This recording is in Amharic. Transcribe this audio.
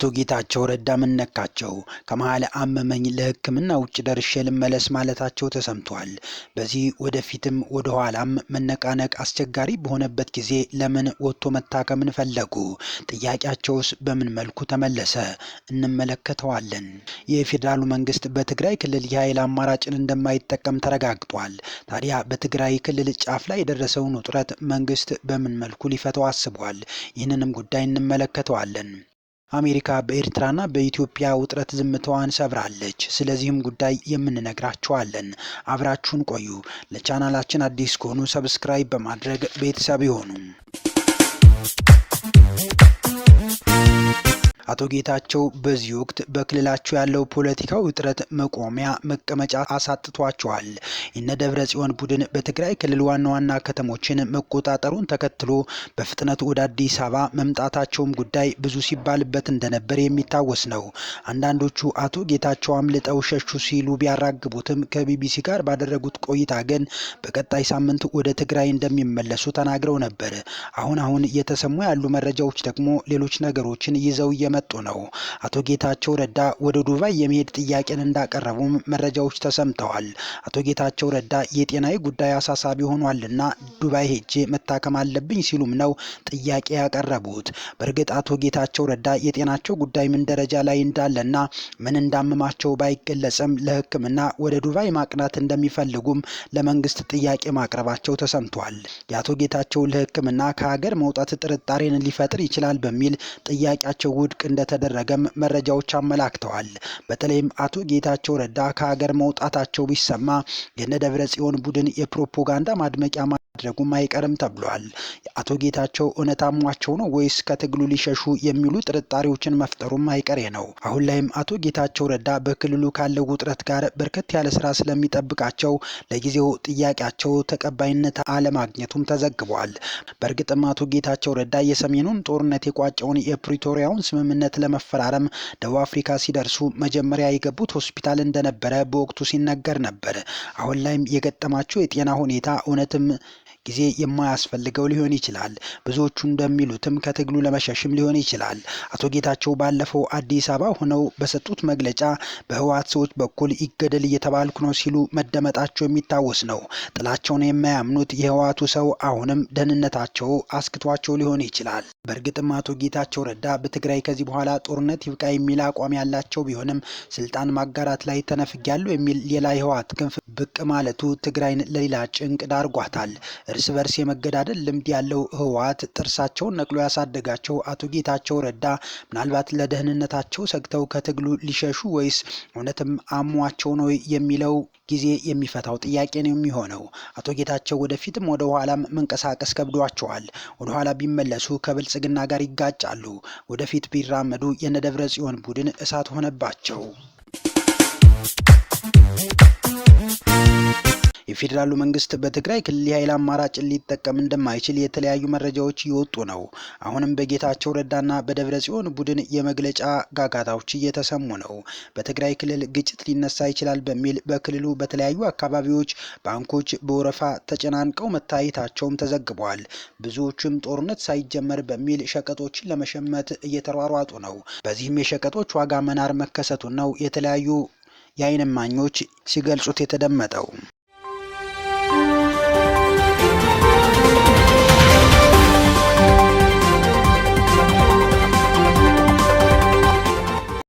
አቶ ጌታቸው ረዳ ምን ነካቸው? ከመሀል አመመኝ ለሕክምና ውጭ ደርሼ ልመለስ ማለታቸው ተሰምቷል። በዚህ ወደፊትም ወደኋላም መነቃነቅ አስቸጋሪ በሆነበት ጊዜ ለምን ወጥቶ መታከምን ፈለጉ? ጥያቄያቸውስ በምን መልኩ ተመለሰ? እንመለከተዋለን። የፌዴራሉ መንግስት በትግራይ ክልል የኃይል አማራጭን እንደማይጠቀም ተረጋግጧል። ታዲያ በትግራይ ክልል ጫፍ ላይ የደረሰውን ውጥረት መንግስት በምን መልኩ ሊፈተው አስቧል? ይህንንም ጉዳይ እንመለከተዋለን። አሜሪካ በኤርትራና በኢትዮጵያ ውጥረት ዝምታዋን ሰብራለች። ስለዚህም ጉዳይ የምንነግራችኋለን። አብራችሁን ቆዩ። ለቻናላችን አዲስ ከሆኑ ሰብስክራይብ በማድረግ ቤተሰብ ይሆኑ። አቶ ጌታቸው በዚህ ወቅት በክልላቸው ያለው ፖለቲካዊ ውጥረት መቆሚያ መቀመጫ አሳጥቷቸዋል። ደብረ ጽዮን ቡድን በትግራይ ክልል ዋና ዋና ከተሞችን መቆጣጠሩን ተከትሎ በፍጥነት ወደ አዲስ አበባ መምጣታቸውም ጉዳይ ብዙ ሲባልበት እንደነበር የሚታወስ ነው። አንዳንዶቹ አቶ ጌታቸው አምልጠው ሸሹ ሲሉ ቢያራግቡትም ከቢቢሲ ጋር ባደረጉት ቆይታ ግን በቀጣይ ሳምንት ወደ ትግራይ እንደሚመለሱ ተናግረው ነበር። አሁን አሁን እየተሰሙ ያሉ መረጃዎች ደግሞ ሌሎች ነገሮችን ይዘው እየመ እየመጡ ነው። አቶ ጌታቸው ረዳ ወደ ዱባይ የመሄድ ጥያቄን እንዳቀረቡም መረጃዎች ተሰምተዋል። አቶ ጌታቸው ረዳ የጤናዊ ጉዳይ አሳሳቢ ሆኗልና ዱባይ ሄጄ መታከም አለብኝ ሲሉም ነው ጥያቄ ያቀረቡት። በእርግጥ አቶ ጌታቸው ረዳ የጤናቸው ጉዳይ ምን ደረጃ ላይ እንዳለና ምን እንዳመማቸው ባይገለጽም ለሕክምና ወደ ዱባይ ማቅናት እንደሚፈልጉም ለመንግስት ጥያቄ ማቅረባቸው ተሰምቷል። የአቶ ጌታቸው ለሕክምና ከሀገር መውጣት ጥርጣሬን ሊፈጥር ይችላል በሚል ጥያቄያቸው ውድቅ እንደተደረገም መረጃዎች አመላክተዋል። በተለይም አቶ ጌታቸው ረዳ ከሀገር መውጣታቸው ቢሰማ የነ ደብረ ጽዮን ቡድን የፕሮፓጋንዳ ማድመቂያ ማድረጉም አይቀርም ተብሏል። አቶ ጌታቸው እውነት አሟቸው ነው ወይስ ከትግሉ ሊሸሹ የሚሉ ጥርጣሬዎችን መፍጠሩም አይቀሬ ነው። አሁን ላይም አቶ ጌታቸው ረዳ በክልሉ ካለው ውጥረት ጋር በርከት ያለ ስራ ስለሚጠብቃቸው ለጊዜው ጥያቄያቸው ተቀባይነት አለማግኘቱም ተዘግቧል። በእርግጥም አቶ ጌታቸው ረዳ የሰሜኑን ጦርነት የቋጨውን የፕሪቶሪያውን ስምምነት ለመፈራረም ደቡብ አፍሪካ ሲደርሱ መጀመሪያ የገቡት ሆስፒታል እንደነበረ በወቅቱ ሲነገር ነበር። አሁን ላይም የገጠማቸው የጤና ሁኔታ እውነትም ጊዜ የማያስፈልገው ሊሆን ይችላል። ብዙዎቹ እንደሚሉትም ከትግሉ ለመሸሽም ሊሆን ይችላል። አቶ ጌታቸው ባለፈው አዲስ አበባ ሆነው በሰጡት መግለጫ በህወሓት ሰዎች በኩል ይገደል እየተባልኩ ነው ሲሉ መደመጣቸው የሚታወስ ነው። ጥላቸውን የማያምኑት የህወሓቱ ሰው አሁንም ደህንነታቸው አስክቷቸው ሊሆን ይችላል። በእርግጥም አቶ ጌታቸው ረዳ በትግራይ ከዚህ በኋላ ጦርነት ይብቃ የሚል አቋም ያላቸው ቢሆንም ስልጣን ማጋራት ላይ ተነፍጊያለሁ የሚል ሌላ የህወሓት ክንፍ ብቅ ማለቱ ትግራይን ለሌላ ጭንቅ ዳርጓታል። እርስ በርስ የመገዳደል ልምድ ያለው ህወሓት ጥርሳቸውን ነቅሎ ያሳደጋቸው አቶ ጌታቸው ረዳ ምናልባት ለደህንነታቸው ሰግተው ከትግሉ ሊሸሹ ወይስ እውነትም አሟቸው ነው የሚለው ጊዜ የሚፈታው ጥያቄ ነው የሚሆነው። አቶ ጌታቸው ወደፊትም ወደ ኋላም መንቀሳቀስ ከብዷቸዋል። ወደ ኋላ ቢመለሱ ከብልጽግና ጋር ይጋጫሉ። ወደፊት ቢራመዱ የነደብረ ጽዮን ቡድን እሳት ሆነባቸው። የፌዴራሉ መንግስት በትግራይ ክልል የኃይል አማራጭ ሊጠቀም እንደማይችል የተለያዩ መረጃዎች እየወጡ ነው። አሁንም በጌታቸው ረዳና በደብረ ጽዮን ቡድን የመግለጫ ጋጋታዎች እየተሰሙ ነው። በትግራይ ክልል ግጭት ሊነሳ ይችላል በሚል በክልሉ በተለያዩ አካባቢዎች ባንኮች በወረፋ ተጨናንቀው መታየታቸውም ተዘግቧል። ብዙዎችም ጦርነት ሳይጀመር በሚል ሸቀጦችን ለመሸመት እየተሯሯጡ ነው። በዚህም የሸቀጦች ዋጋ መናር መከሰቱን ነው የተለያዩ የዓይን እማኞች ሲገልጹት የተደመጠው።